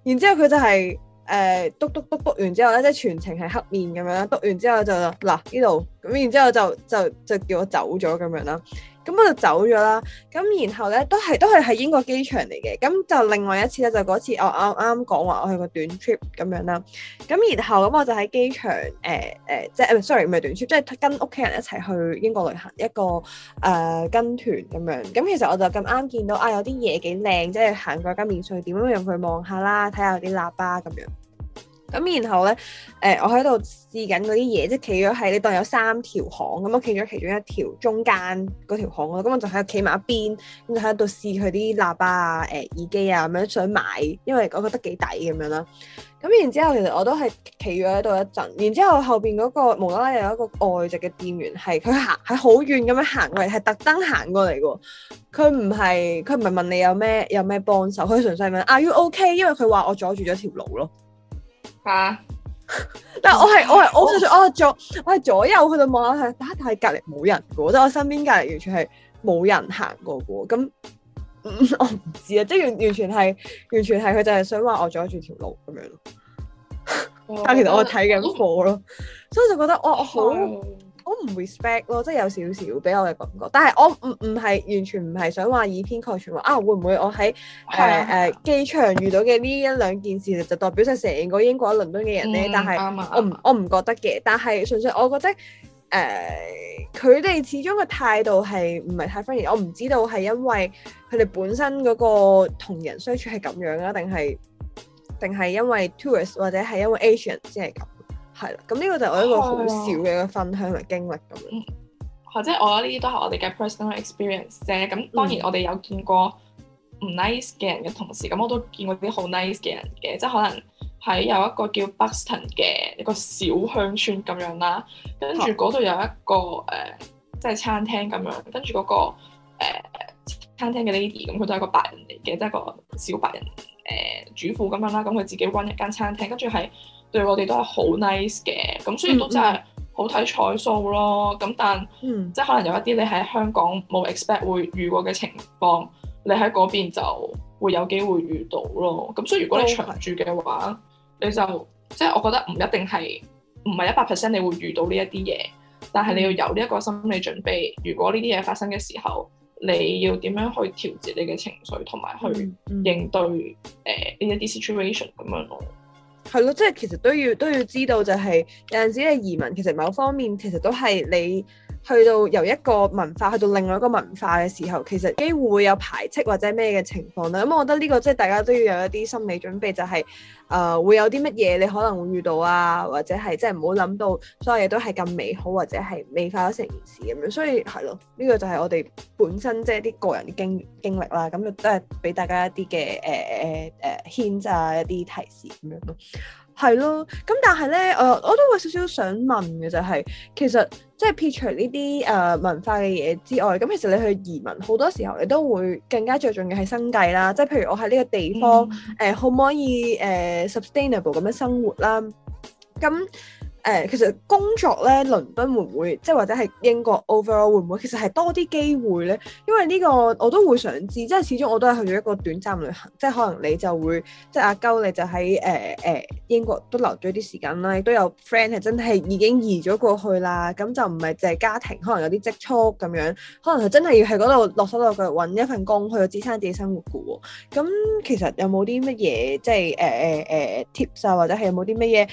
然之後佢就係誒篤篤篤篤完之後咧，即係全程係黑面咁樣啦。篤完之後就嗱，呢度，咁然之後就就就，就叫我走咗咁樣啦。咁我就走咗啦，咁然後咧都係都係喺英國機場嚟嘅，咁就另外一次咧就嗰次我啱啱講話我去個短 trip 咁樣啦，咁然後咁我就喺機場誒誒、呃呃、即係 sorry 唔係短 trip，即係跟屋企人一齊去英國旅行一個誒、呃、跟團咁樣，咁其實我就咁啱見到啊有啲嘢幾靚，即係行過間免稅店咁入去望下啦，睇下啲喇叭咁樣。咁然後咧，誒、呃、我喺度試緊嗰啲嘢，即係企咗喺你當有三條巷。咁我企咗其中一條中間嗰條巷。咁我就喺度企埋一邊，咁就喺度試佢啲喇叭啊、誒、呃、耳機啊咁樣想買，因為我覺得幾抵咁樣啦。咁然之後其實我都係企咗喺度一陣，然之後後邊嗰、嗰個無啦啦有一個外籍嘅店員，係佢行喺好遠咁樣行過嚟，係特登行過嚟嘅。佢唔係佢唔係問你有咩有咩幫手，佢純粹問 Are you OK？因為佢話我阻住咗條路咯。啊！ 但係我係我係我, 我，就算我係左，我係左右,左右去到望下睇，但係隔籬冇人噶、嗯，即係我身邊隔籬完全係冇人行過噶，咁我唔知啊，即係完完全係，完全係佢就係想話我阻住條路咁樣。 但其實我睇緊貨咯，哦、所以我就覺得我我好。哦哦 好唔 respect 咯，即係有少少俾我嘅感覺，但係我唔唔係完全唔係想話以偏概全話啊，會唔會我喺誒誒機場遇到嘅呢一兩件事就代表曬成個英國倫敦嘅人咧？但係我唔我唔覺得嘅。但係純粹我覺得誒佢哋始終個態度係唔係太 friendly。我唔知道係因為佢哋本身個同人相處係咁樣啦，定係定係因為 tourist 或者係因為 Asian 先係咁。係啦，咁呢、嗯、個就係我一個好少嘅分享嚟、啊、經歷咁樣，或者、嗯、我覺得呢啲都係我哋嘅 personal experience 啫。咁當然我哋有見過唔 nice 嘅人嘅同時，咁、嗯、我都見過啲好 nice 嘅人嘅，即係可能喺有一個叫 Buxton 嘅一個小鄉村咁樣啦，跟住嗰度有一個誒、嗯呃、即係餐廳咁樣，跟住嗰、那個、呃、餐廳嘅 lady 咁，佢都係一個白人嚟嘅，即係一個小白人誒、呃、主婦咁樣啦。咁佢自己 run 一間餐廳，跟住係。對我哋都係好 nice 嘅，咁所以都真係好睇彩數咯。咁、嗯、但、嗯、即係可能有一啲你喺香港冇 expect 會遇過嘅情況，你喺嗰邊就會有機會遇到咯。咁所以如果你長住嘅話，嗯、你就即係我覺得唔一定係唔係一百 percent 你會遇到呢一啲嘢，但係你要有呢一個心理準備。嗯、如果呢啲嘢發生嘅時候，你要點樣去調節你嘅情緒，同埋去應對誒呢一啲 situation 咁樣咯。係咯，即係其實都要都要知道、就係，就係有陣時嘅移民，其實某方面其實都係你。去到由一個文化去到另外一個文化嘅時候，其實機會有排斥或者咩嘅情況咧。咁、嗯、我覺得呢、這個即係大家都要有一啲心理準備，就係、是、誒、呃、會有啲乜嘢你可能會遇到啊，或者係即係唔好諗到所有嘢都係咁美好，或者係美化咗成件事咁樣。所以係咯，呢、這個就係我哋本身即係啲個人嘅經經歷啦。咁就都係俾大家一啲嘅誒誒誒 h i 一啲提示咁樣咯。係咯，咁但係咧，誒我，我都會少少想問嘅就係、係，其實即係撇除呢啲誒文化嘅嘢之外，咁其實你去移民好多時候，你都會更加著重嘅係生計啦，即係譬如我喺呢個地方，誒、嗯呃、可唔可以誒、呃、sustainable 咁樣生活啦，咁。誒，其實工作咧，倫敦會唔會即係或者係英國 overall 會唔會其實係多啲機會咧？因為呢個我都會想知，即係始終我都係去咗一個短暫旅行，即係可能你就會即係阿鳩你就喺誒誒英國都留咗啲時間啦，亦都有 friend 係真係已經移咗過去啦，咁就唔係淨係家庭可能有啲積蓄咁樣，可能係真係要喺嗰度落手落腳揾一份工去去支持自己生活嘅喎。咁其實有冇啲乜嘢即係誒誒誒 tips 啊，或者係有冇啲乜嘢？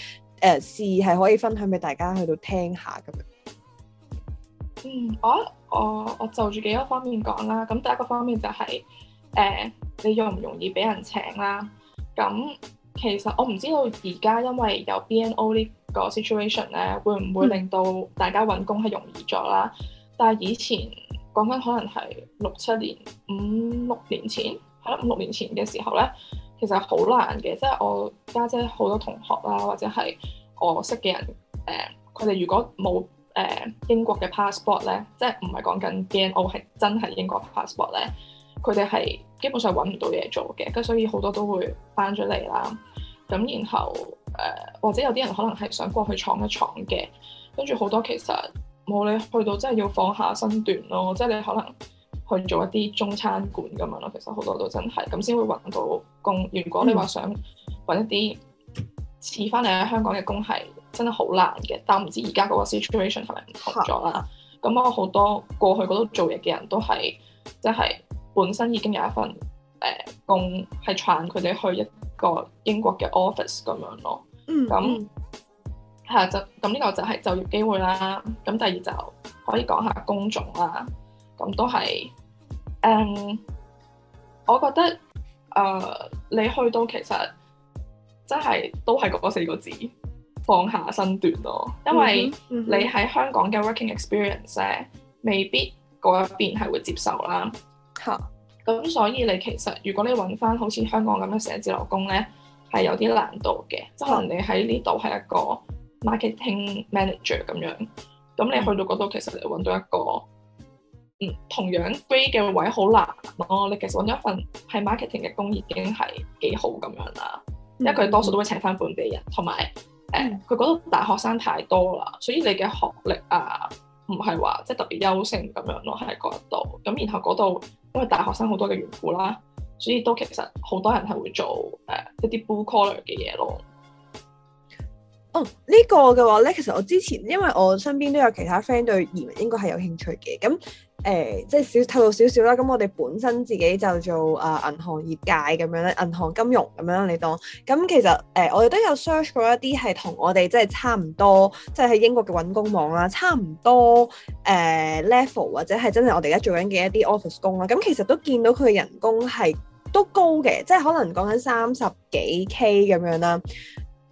誒事係可以分享俾大家去到聽下咁樣。嗯，我我我就住幾個方面講啦。咁第一個方面就係、是、誒、呃、你容唔容易俾人請啦。咁其實我唔知道而家因為有 BNO 呢個 situation 咧，會唔會令到大家揾工係容易咗啦？嗯、但係以前講緊可能係六七年、五六年前，係啦五六年前嘅時候咧。其實好難嘅，即係我家姐好多同學啦，或者係我識嘅人，誒、呃，佢哋如果冇誒、呃、英國嘅 passport 咧，即係唔係講緊 BNO，係真係英國 passport 咧，佢哋係基本上揾唔到嘢做嘅，跟所以好多都會翻咗嚟啦。咁然後誒、呃，或者有啲人可能係想過去闖一闖嘅，跟住好多其實冇你去到真係要放下身段咯，即係你可能。去做一啲中餐館咁樣咯，其實好多都真係咁先會揾到工。如果你話想揾一啲似翻嚟喺香港嘅工，係真係好難嘅。但唔知而家嗰個 situation 係咪唔同咗啦？咁的我好多過去嗰度做嘢嘅人都係即係本身已經有一份誒工，係請佢哋去一個英國嘅 office 咁樣咯。嗯，咁係就咁呢個就係就業機會啦。咁第二就可以講下工種啦。咁都係。嗯，um, 我覺得誒、呃，你去到其實真係都係嗰四個字放下身段咯，因為你喺香港嘅 working experience 未必嗰一邊係會接受啦。嚇、嗯，咁所以你其實如果你揾翻好似香港咁嘅寫字樓工咧，係有啲難度嘅，嗯、即可能你喺呢度係一個 marketing manager 咁樣，咁你去到嗰度其實你揾到一個同樣 grade 嘅位好難咯、哦。你其實揾一份喺 marketing 嘅工已經係幾好咁樣啦，因為佢多數都會請翻本地人，同埋誒佢嗰度大學生太多啦，所以你嘅學歷啊唔係話即係特別優勝咁樣咯喺嗰度。咁然後嗰度因為大學生好多嘅緣故啦，所以都其實好多人係會做誒、呃、一啲 blue-collar 嘅嘢咯。哦，呢、這個嘅話咧，其實我之前因為我身邊都有其他 friend 對移民應該係有興趣嘅，咁誒、呃、即係少透露少少啦。咁我哋本身自己就做啊、呃、銀行業界咁樣咧，銀行金融咁樣你當。咁其實誒、呃、我哋都有 search 過一啲係同我哋即係差唔多，即係喺英國嘅搵工網啦，差唔多誒、呃、level 或者係真係我哋而家做緊嘅一啲 office 工啦。咁其實都見到佢嘅人工係都高嘅，即係可能講緊三十幾 K 咁樣啦。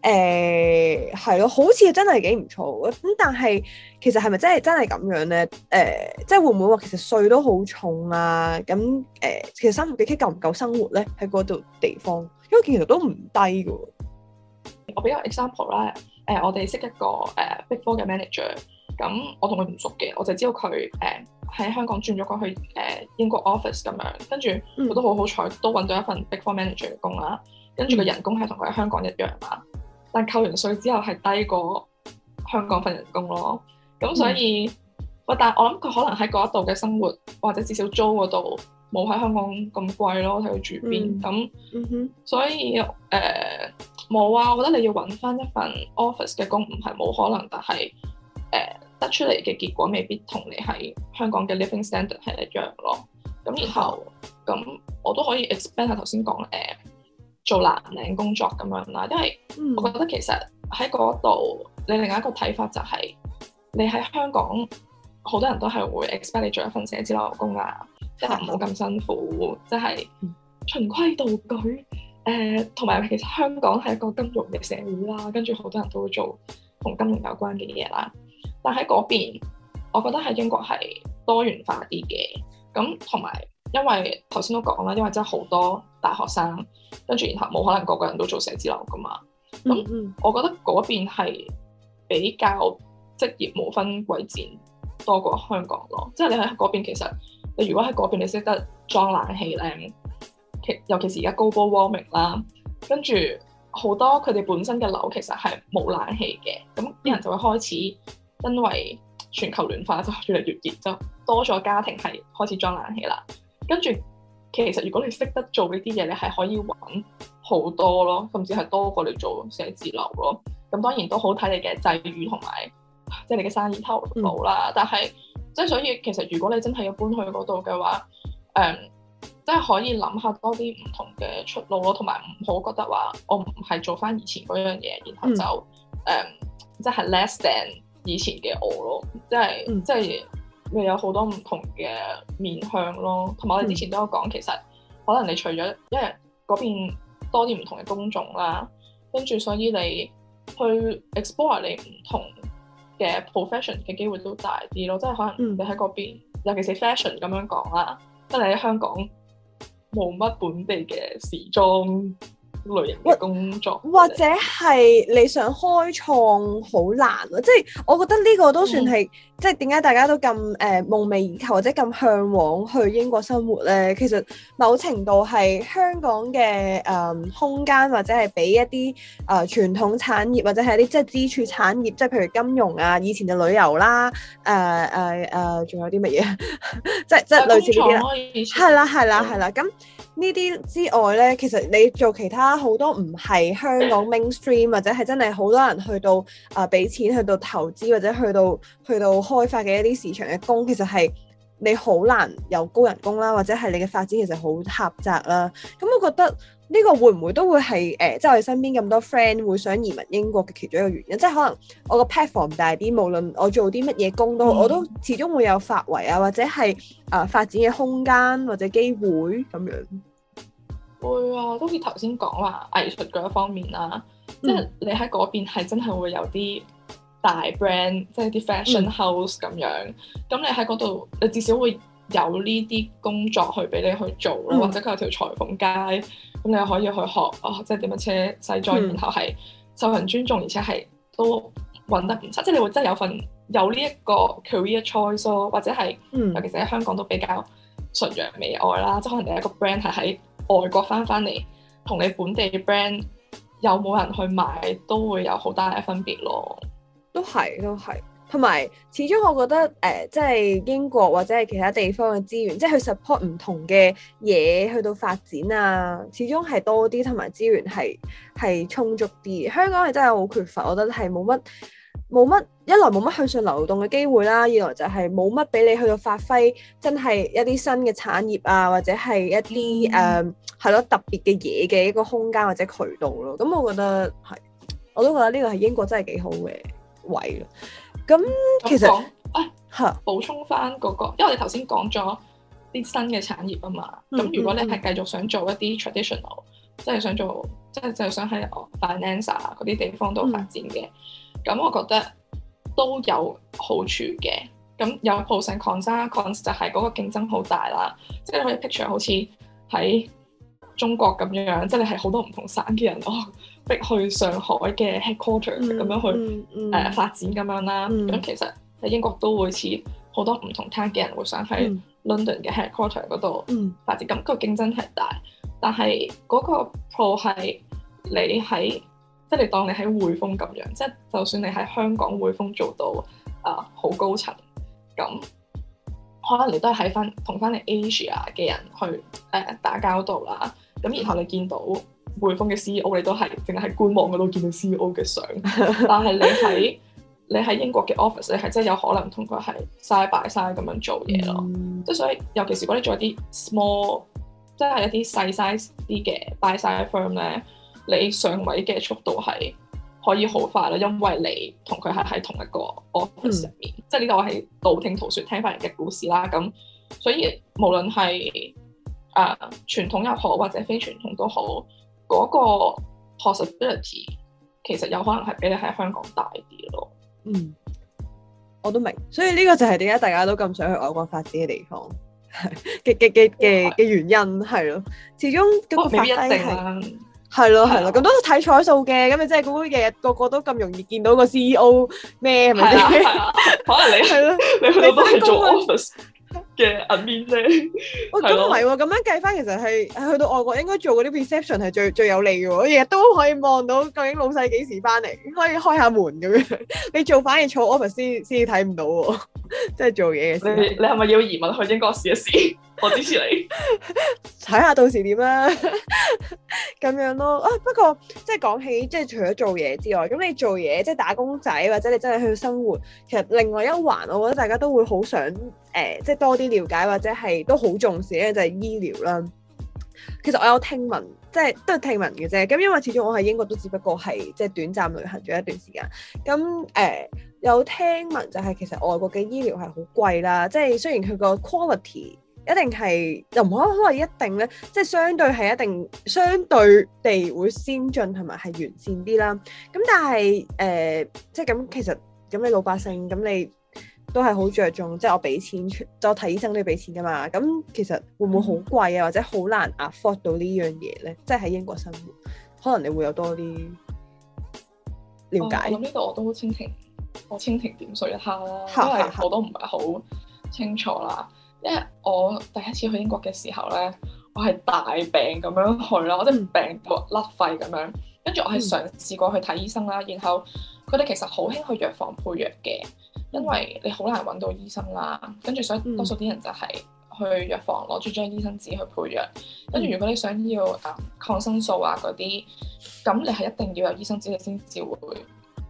誒係咯，好似真係幾唔錯嘅咁，但係其實係咪真係真係咁樣咧？誒、uh，即係會唔會話其實稅都好重啊？咁誒，其實三十幾 k 夠唔夠生活咧？喺嗰度地方，因為其實都唔低嘅。我俾個 example 啦，誒，我哋識一個誒 Big Four 嘅 manager。咁、uh, Man 我同佢唔熟嘅，我就知道佢誒喺香港轉咗過去誒英國 office 咁樣，跟住我都好好彩，都揾到一份 Big Four manager 嘅工啦。跟住個人工係同佢喺香港一樣嘛。但扣完稅之後係低過香港份人工咯，咁所以、嗯、但我但係我諗佢可能喺嗰一度嘅生活或者至少租嗰度冇喺香港咁貴咯，睇佢住邊咁。所以誒冇、呃、啊，我覺得你要揾翻一份 office 嘅工唔係冇可能，但係誒、呃、得出嚟嘅結果未必同你喺香港嘅 living standard 係一樣咯。咁然後咁、嗯、我都可以 expand 下頭先講誒。呃做藍領工作咁樣啦，因為我覺得其實喺嗰度，你另外一個睇法就係你喺香港好多人都係會 expect 你做一份寫字樓工啦，即係唔好咁辛苦，即、就、係、是、循規蹈矩。誒、呃，同埋其實香港係一個金融嘅社會啦，跟住好多人都會做同金融有關嘅嘢啦。但喺嗰邊，我覺得喺英國係多元化啲嘅。咁同埋因為頭先都講啦，因為真係好多。大學生跟住然後冇可能個個人都做寫字樓㗎嘛，咁、嗯嗯、我覺得嗰邊係比較職業無分貴賤多過香港咯，即係你喺嗰邊其實你如果喺嗰邊你識得裝冷氣咧，其尤其是而家 global warming 啦，跟住好多佢哋本身嘅樓其實係冇冷氣嘅，咁啲人就會開始、嗯、因為全球暖化就越嚟越熱，就多咗家庭係開始裝冷氣啦，跟住。其實如果你識得做呢啲嘢，你係可以揾好多咯，甚至係多過你做寫字樓咯。咁當然都好睇你嘅際遇同埋即係你嘅生意頭腦啦。但係即係所以，其實如果你真係要搬去嗰度嘅話，誒即係可以諗下多啲唔同嘅出路咯，同埋唔好覺得話我唔係做返以前嗰樣嘢，然後就誒即係 less than 以前嘅我咯，即係即係。嗯咪有好多唔同嘅面向咯，同埋我哋之前都有講，其實可能你除咗因為嗰邊多啲唔同嘅工種啦，跟住所以你去 explore 你唔同嘅 profession 嘅機會都大啲咯，即係可能你喺嗰邊，嗯、尤其是 fashion 咁樣講啦，即係你喺香港冇乜本地嘅時裝類型工作，或者係你想開創好難咯，啊，即係我覺得呢個都算係，即係點解大家都咁誒，呃、夢寐以求或者咁向往去英國生活咧？其實某程度係香港嘅誒，嗯、空間或者係俾一啲誒，呃、傳統產業或者係啲即係支柱產業，即係譬如金融啊，以前嘅旅遊啦，誒誒誒，仲有啲乜嘢？即係即係類似嗰啲啦。係我對 啦係啦係啦咁。嗯呢啲之外咧，其實你做其他好多唔係香港 mainstream 或者係真係好多人去到啊俾、呃、錢去到投資或者去到去到開發嘅一啲市場嘅工，其實係你好難有高人工啦，或者係你嘅發展其實好狹窄啦。咁我覺得。呢個會唔會都會係誒、呃，即係我哋身邊咁多 friend 會想移民英國嘅其中一個原因，即係可能我個 platform 大啲，無論我做啲乜嘢工都、嗯、我都始終會有發圍啊，或者係啊、呃、發展嘅空間或者機會咁樣。會啊，好似頭先講話藝術嗰一方面啦，嗯、即係你喺嗰邊係真係會有啲大 brand，即係啲 fashion house 咁、嗯、樣。咁你喺嗰度，你至少會有呢啲工作去俾你去做咯，嗯、或者佢有條裁縫街。咁你又可以去學哦，即係點樣車製造，嗯、然後係受人尊重，而且係都揾得唔差，即係你會真係有份有呢一個 career choice 咯，或者係、嗯、尤其是喺香港都比較崇洋媚外啦，即係可能你一個 brand 係喺外國翻翻嚟，同你本地嘅 brand 有冇人去買，都會有好大嘅分別咯。都係，都係。同埋，始終我覺得誒，即係英國或者係其他地方嘅資源，即係去 support 唔同嘅嘢去到發展啊。始終係多啲，同埋資源係係充足啲。香港係真係好缺乏，我覺得係冇乜冇乜，一來冇乜向上流動嘅機會啦，二來就係冇乜俾你去到發揮真係一啲新嘅產業啊，或者係一啲誒係咯特別嘅嘢嘅一個空間或者渠道咯。咁我覺得係，我都覺得呢個係英國真係幾好嘅位咯。咁其實啊，補充翻嗰、那個，因為你哋頭先講咗啲新嘅產業啊嘛。咁、嗯、如果你係繼續想做一啲 traditional，即係、嗯嗯、想做，即係即係想喺 finance 啊嗰啲地方度發展嘅，咁、嗯、我覺得都有好處嘅。咁有 pros and cons 啊，cons 就係嗰個競爭好大啦，即係你可以 picture 好似喺中國咁樣樣，即係你係好多唔同省嘅人咯。逼去上海嘅 headquarter 咁、嗯、樣去誒、嗯呃、發展咁樣啦，咁、嗯、其實喺英國都會似好多唔同 t a 區嘅人會想喺 London 嘅 headquarter 嗰度發展，咁、嗯、個競爭係大，但係嗰個 pro 係你喺即係你當你喺匯豐咁樣，即、就、係、是、就算你喺香港匯豐做到啊好、呃、高層，咁可能你都係喺翻同翻你 Asia 嘅人去誒、呃、打交道啦，咁然後你見到。嗯匯豐嘅 C E O，你都係淨係喺官網嗰度見到 C E O 嘅相，但係你喺 你喺英國嘅 office，你係真係有可能同佢係 side by side 咁樣做嘢咯。即係、嗯、所以，尤其是如果你做一啲 small，即係一啲細 size 啲嘅 buy side firm 咧，你上位嘅速度係可以好快啦，因為你同佢係喺同一個 office 入面。嗯、即係呢度我係道聽途說聽翻人嘅故事啦。咁所以無論係啊、uh, 傳統又好，或者非傳統都好。嗰個 possibility 其實有可能係比你喺香港大啲咯。嗯，我都明。所以呢個就係點解大家都咁想去外國發展嘅地方嘅嘅嘅嘅嘅原因係咯。始終個、哦、未必一定啦、啊。係咯係咯，咁都睇彩數嘅，咁你即係估日日個個都咁容易見到個 CEO 咩？係咪可能你係咯，的 的你去到幫人做 office。 嘅阿邊咧，哇、yeah, I mean 哦！咁唔係喎，咁了樣計翻其實係去到外國應該做嗰啲 reception 係最最有利嘅喎，日日都可以望到究竟老細幾時翻嚟，可以開下門咁樣。 你做反而坐 office 先先睇唔到喎，即係做嘢。你你係咪要移民去英國試一試？我支持你，睇下 到時點啦。咁 樣咯，啊不過即係講起即係除咗做嘢之外，咁你做嘢即係打工仔，或者你真係去生活，其實另外一環，我覺得大家都會好想誒、呃，即係多啲。啲了解，或者係都好重視咧，就係醫療啦。其實我有聽聞，即係都係聽聞嘅啫。咁因為始終我喺英國都只不過係即係短暫旅行咗一段時間。咁誒、呃、有聽聞就係其實外國嘅醫療係好貴啦。即係雖然佢個 quality 一定係又唔可可謂，一定咧，即係相對係一定相對地會先進同埋係完善啲啦。咁但係誒、呃、即係咁，其實咁你老百姓咁你。都係好着重，即、就、係、是、我俾錢出，就我睇醫生都要俾錢噶嘛。咁其實會唔會好貴啊，或者好難 afford 到呢樣嘢咧？即係喺英國生活，可能你會有多啲了解。咁呢度我都蜻蜓，我蜻蜓點水一下啦，因為我都唔係好清楚啦。因為我第一次去英國嘅時候咧，我係大病咁樣去我即係唔病到甩肺咁樣。跟住我係嘗試過去睇醫生啦，嗯、然後佢哋其實好興去藥房配藥嘅。因為你好難揾到醫生啦，跟住所以多數啲人就係去藥房攞住張醫生紙去配藥，跟住如果你想要誒抗生素啊嗰啲，咁你係一定要有醫生紙你先至會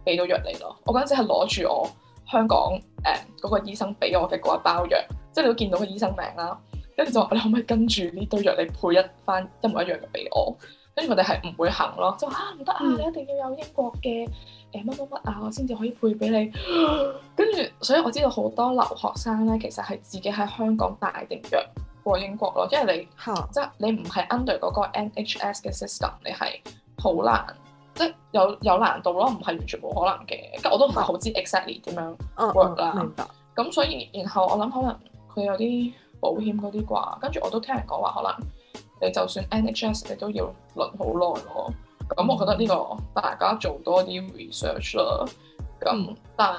俾到藥你咯。我嗰陣時係攞住我香港誒嗰、呃嗰個醫生俾我嘅嗰一包藥，即係你都見到個醫生名啦，跟住就話你可唔可以跟住呢堆藥你配一翻一模一樣嘅俾我，跟住我哋係唔會行咯，就話唔得啊，嗯嗯、你一定要有英國嘅。誒乜乜乜啊！我先至可以配俾你，跟住 所以我知道好多留學生咧，其實係自己喺香港大定藥過英國咯，因為你 Huh. 即係你唔係 under 嗰個 N H S 嘅 system，你係好難即係有有難度咯，唔係完全冇可能嘅。我都唔係好知 exactly 點樣 work 啦 Huh.、嗯。咁、嗯、所以然後我諗可能佢有啲保險嗰啲啩，跟住我都聽人講話，可能你就算 N H S 你都要輪好耐咯。咁我覺得呢個大家做多啲 research 啦。咁、嗯、但，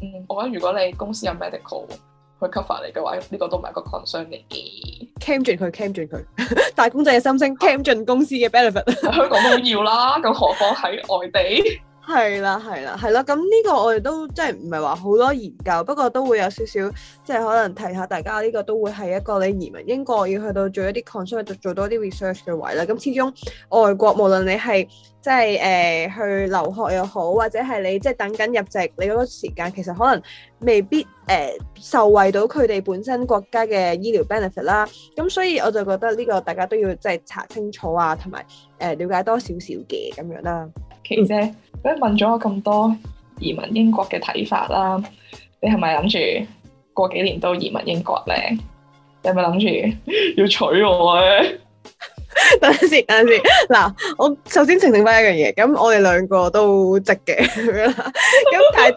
嗯，我覺得如果你公司有 medical 去 cover 你嘅話，呢個都唔係一個 concern 嚟嘅。cam 住 Jin，佢 cam 住佢，大公仔嘅心聲 cam 進公司嘅 benefit。 香港都要啦，咁何況喺外地。係啦，係啦，係啦。咁呢個我哋都即係唔係話好多研究，不過都會有少少即係可能提下大家呢個都會係一個你移民英國要去到做一啲 consult 做多啲 research 嘅位啦。咁始終外國無論你係即係誒、呃、去留學又好，或者係你即係等緊入籍，你嗰個時間其實可能未必誒、呃、受惠到佢哋本身國家嘅醫療 benefit 啦。咁所以我就覺得呢個大家都要即係查清楚啊，同埋誒了解多少少嘅咁樣啦。奇姐，你問咗我咁多移民英國嘅睇法啦，你係咪諗住過幾年都移民英國呢？你係咪諗住要娶我咧？ 等陣先，等陣先。嗱，我首先澄清返一樣嘢，咁我哋兩個都值嘅咁 樣啦。咁但係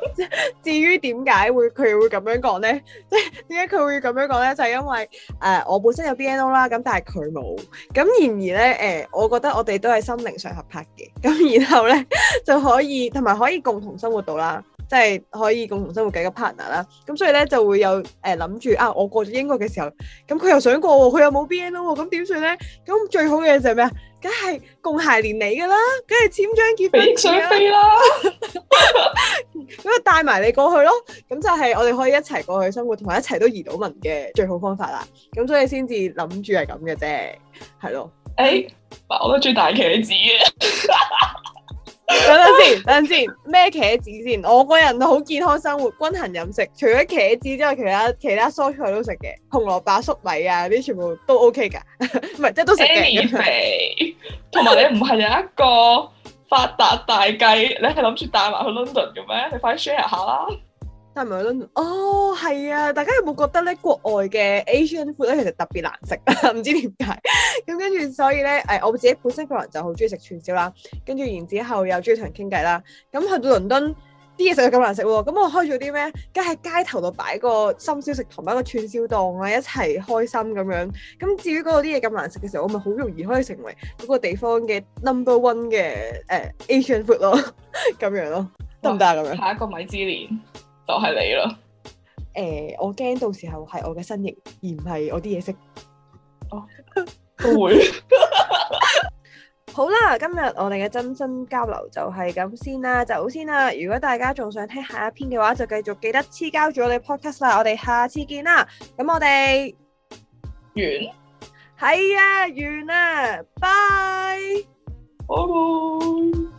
至於點解會佢會咁樣講咧？即係點解佢會要咁樣講咧？就係、是就是、因為誒、呃，我本身有 BNO 啦，咁但係佢冇。咁然而咧，誒、呃，我覺得我哋都係心靈上合拍嘅。咁然後咧就可以同埋可以共同生活到啦，即、就、係、是、可以共同生活嘅一個 partner 啦。咁所以咧就會有誒諗住啊，我過咗英國嘅時候，咁佢又想過喎，佢又冇 BNO，咁點算咧？咁最最好嘅就係咩啊？梗係共諧連理噶啦，梗係簽張結婚、飛水飛啦，咁啊帶埋你過去咯。咁就係我哋可以一齊過去生活，同埋一齊都移到民嘅最好方法啦。咁所以先至諗住係咁嘅啫，係咯。誒、欸，我都最大茄子嘅。 等陣先，等陣先，咩茄子先？我個人好健康生活，均衡飲食，除咗茄子之外，其他其他蔬菜都食嘅，紅蘿蔔、粟米啊，啲全部都 OK 噶，唔 係即係都食嘅。a n 同埋你唔係有一個發達大計， 你係諗住帶埋去 London 嘅咩？你快 share 下啦。但係咪倫敦？哦，係啊！大家有冇覺得咧，國外嘅 Asian food 咧，其實特別難食唔 知點解。咁、 嗯、跟住，所以咧，誒，我自己本身個人就好中意食串燒啦。跟住然之後又中意同人傾偈啦。咁、嗯、去到倫敦，啲嘢食又咁難食喎。咁、嗯、我開咗啲咩？梗係街頭度擺個深宵食堂，擺個串燒檔啦，一齊開心咁樣。咁、嗯、至於嗰度啲嘢咁難食嘅時候，我咪好容易可以成為嗰個地方嘅 number one 嘅誒 Asian food 咯，咁樣咯，得唔得啊？咁樣下一個米芝蓮。就係你咯，誒、呃，我驚到時候係我嘅身形，而唔係我啲嘢識，哦，都 也會。 好啦，今日我哋嘅真心交流就係咁先啦，就先啦。如果大家仲想聽下一篇嘅話，就繼續記得黐膠住我哋 Podcast 啦。我哋下次見啦，咁我哋完係啊，完啦，拜，拜。Bye bye